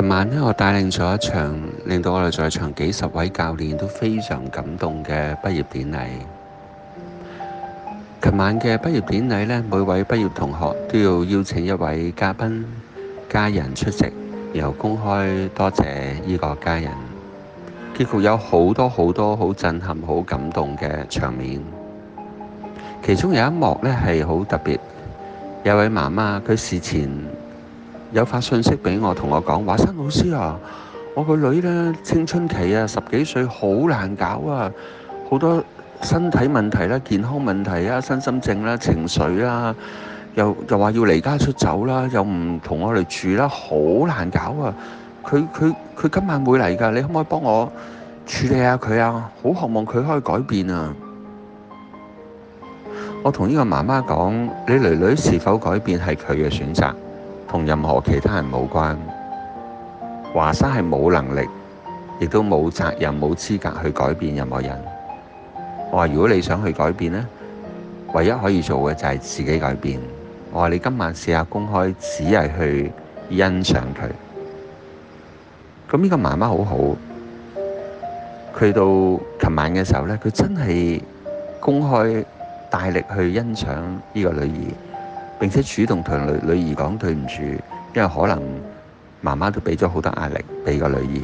琴晚呢，我帶領咗一場令到我哋在場幾十位教練都非常感動嘅畢業典禮。琴晚嘅畢業典禮呢，每位畢業同學都要邀請一位嘉賓家人出席，然後公開多謝呢個家人。結局有好多好多好震撼、好感動嘅場面。其中有一幕呢係好特別，有位媽媽佢事前，有發信息俾我，同我講：華山老師啊，我個女咧青春期啊，十幾歲好難搞啊，好多身體問題啦、啊、健康問題啊、身心症啦、啊、情緒啦、啊，又又話要離家出走啦、啊，又唔同我哋住啦、啊，好難搞啊！佢佢佢今晚會嚟㗎，你可唔可以幫我處理下佢啊？好渴望佢可以改變啊！我同呢個媽媽講：你女女是否改變係佢嘅選擇？同任何其他人冇關，華山係冇能力，亦都冇責任、冇資格去改變任何人。我話如果你想去改變咧，唯一可以做嘅就係自己改變。我話你今晚試下公開只係去欣賞佢。咁呢個媽媽好好，佢到琴晚嘅時候咧，佢真係公開大力去欣賞呢個女兒。並且主動同女女兒講對唔住，因為可能媽媽都俾咗好多壓力俾個女兒。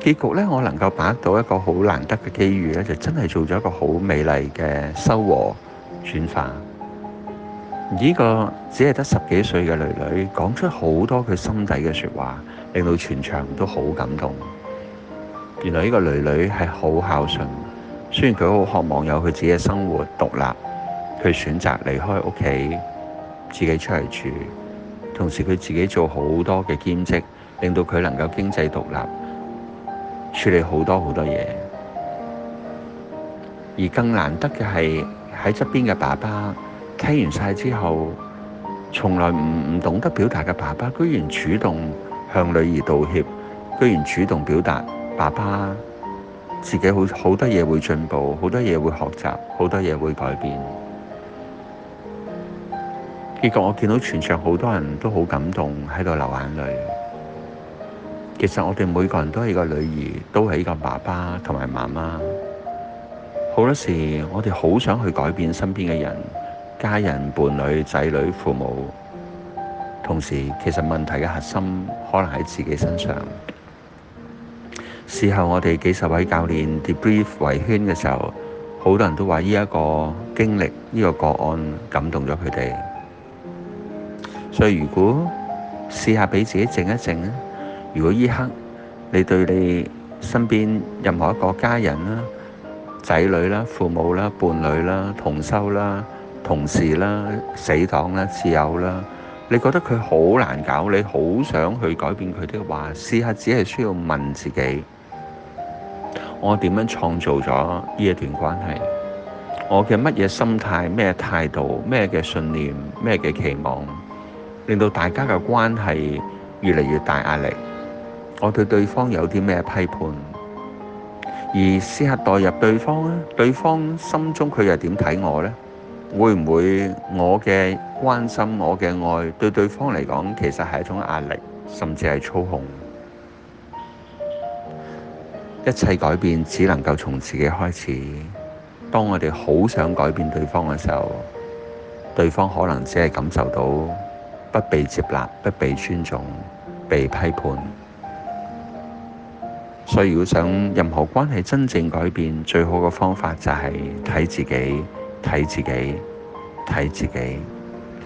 結局呢，我能夠把握到一個好難得嘅機遇呢，就真係做咗一個好美麗嘅收穫轉化。而呢個只係得十幾歲嘅女女講出好多佢心底嘅説話，令到全場都好感動。原來呢個女女係好孝順，雖然佢好渴望有佢自己嘅生活獨立。佢選擇離開屋企，自己出嚟住，同時佢自己做好多嘅兼職，令到佢能夠經濟獨立，處理好多好多嘢。而更難得嘅係喺側邊嘅爸爸，睇完晒之後，從來唔唔懂得表達嘅爸爸，居然主動向女兒道歉，居然主動表達爸爸自己好好多嘢會進步，好多嘢會學習，好多嘢會改變。結果我見到全場好多人都好感動喺度流眼淚。其實我哋每個人都係個女兒，都係一個爸爸同埋媽媽。好多時我哋好想去改變身邊嘅人、家人、伴侶、仔女、父母，同時其實問題嘅核心可能喺自己身上。事後我哋幾十位教練 debrief 圍圈嘅時候，好多人都話呢一個經歷，呢個個案感動咗佢哋。所以如果試下俾自己靜一靜咧，如果呢刻你對你身邊任何一個家人啦、仔女啦、父母啦、伴侶啦、同修啦、同事啦、死黨啦、摯友啦，你覺得佢好難搞，你好想去改變佢的話，試下只係需要問自己：我點樣創造咗呢一段關係？我嘅乜嘢心態、咩態度、咩嘅信念、咩嘅期望？令到大家嘅關係越嚟越大壓力。我對對方有啲咩批判，而私下代入對方呢，對方心中佢又點睇我呢？會唔會我嘅關心、我嘅愛對，對對方嚟講其實係一種壓力，甚至係操控？一切改變只能夠從自己開始。當我哋好想改變對方嘅時候，對方可能只係感受到，不被接納，不被尊重，被批判。所以要想任何關係真正改變，最好嘅方法就係睇自己，睇自己，睇自己。